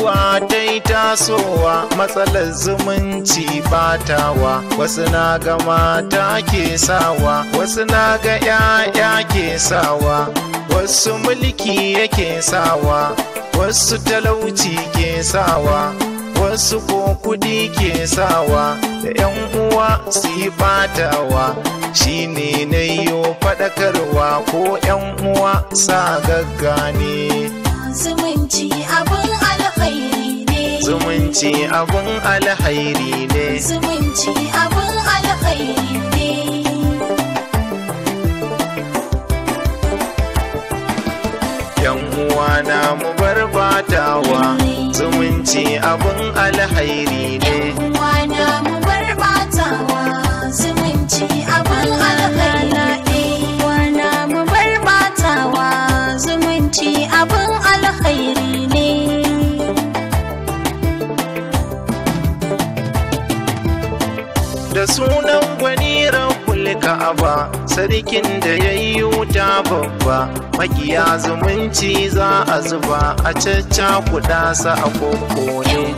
mutuwa ta tasowa matsalar zumunci batawa wasu na ga mata ke sawa wasu na ga 'ya'ya ke sawa wasu mulki yake sawa wasu talauci ke sawa wasu ko kudi ke sawa da 'yan uwa su yi batawa shi ne na yiwu faɗakarwa ko 'yan uwa sa gaggane zumunci abu zumunci abun alhairi ne zumunci abun alhairi ne yan uwana mu bar batawa zumunci abun alhairi ne yan na mu ka'aba sarkin da ya yi wuta babba makiya zumunci za a zuba a cacca kuɗa sa a kokone.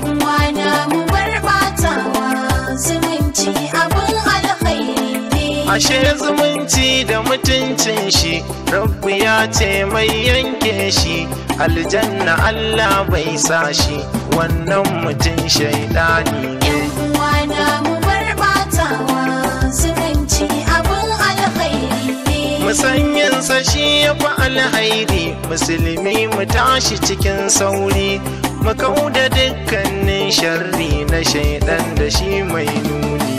zumunci abin Ashe zumunci da mutuncin shi, Rabbu ya ce mai yanke shi, aljanna Allah bai sa shi, wannan mutum shaidani ne. sa shi ya fi alhairi musulmi mu tashi cikin sauri mu kau da dukkanin sharri na shaidan da shi mai nuni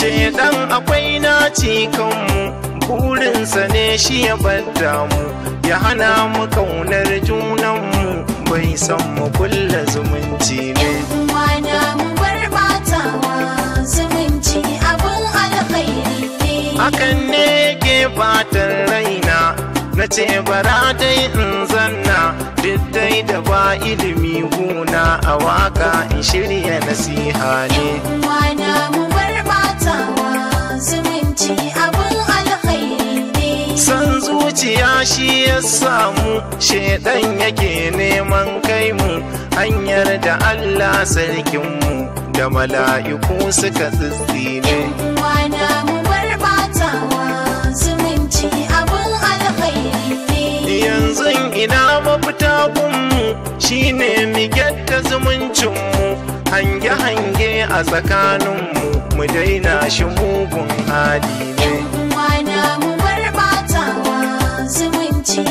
shaidan akwai naci kanmu burinsa ne shi ya bada mu ya hana mu kaunar junanmu bai san mu kulla zumunci ne hakan ne ke fatan raina na ce bara dai in zanna duk dai da ba ilimi guna a waka in shirya nasiha ne ne san zuciya shi ya samu shedan yake neman kai mu hanyar da Allah sarkinmu da mala'iku suka tsitsine. ina mafita gunmu shine mu gyadda zumuncinmu hange-hange a tsakaninmu mu daina shi mugun hali ne. zumunci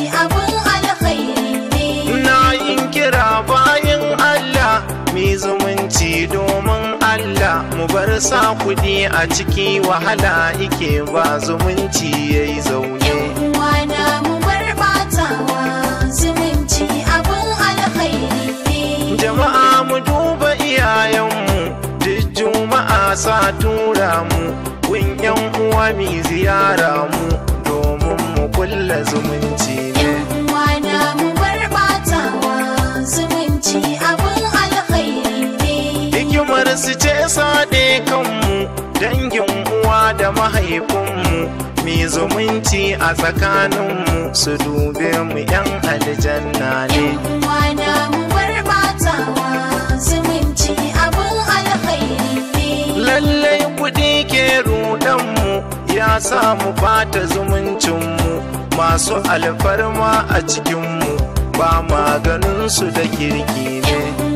Na yin kira bayan Allah mai zumunci. mu bar sa kudi a ciki wahala ike ba zumunci yayi zaune wana mu bar batawa zumunci alkhairi ne jama'a mu duba iyayenmu duk juma'a sa tura mu kun yan uwa mi ziyara mu domin mu kulla zumunci ne wana mu bar batawa zumunci abun su ce saɗe kanmu dangin uwa da mahaifinmu mai zumunci a tsakaninmu su dube mu yan aljanna ne lallai kuɗi ke rudanmu ya sa mu bata zumuncinmu masu alfarma a cikinmu ba maganinsu da kirki ne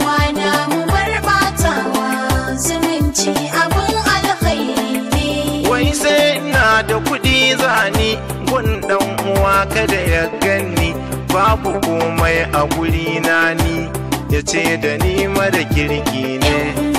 zumunci abin alkhairi ne wai sai ina da kuɗi zani gun dan uwa kada ya ganni babu komai a guri na ni ya ce da ni mara kirki ne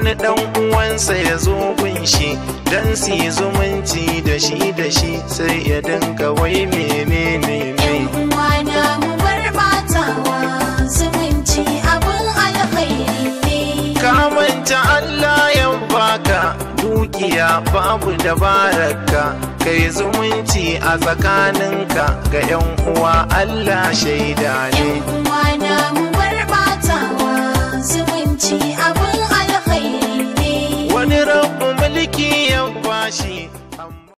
wani dan uwansa ya zo kunshi dan su zumunci da shi da shi sai ya dinga wai menene ne Allah ya baka dukiya babu dabararka kai zumunci a tsakaninka ga yan uwa Allah shaida ne na mu bar zumunci abun tashi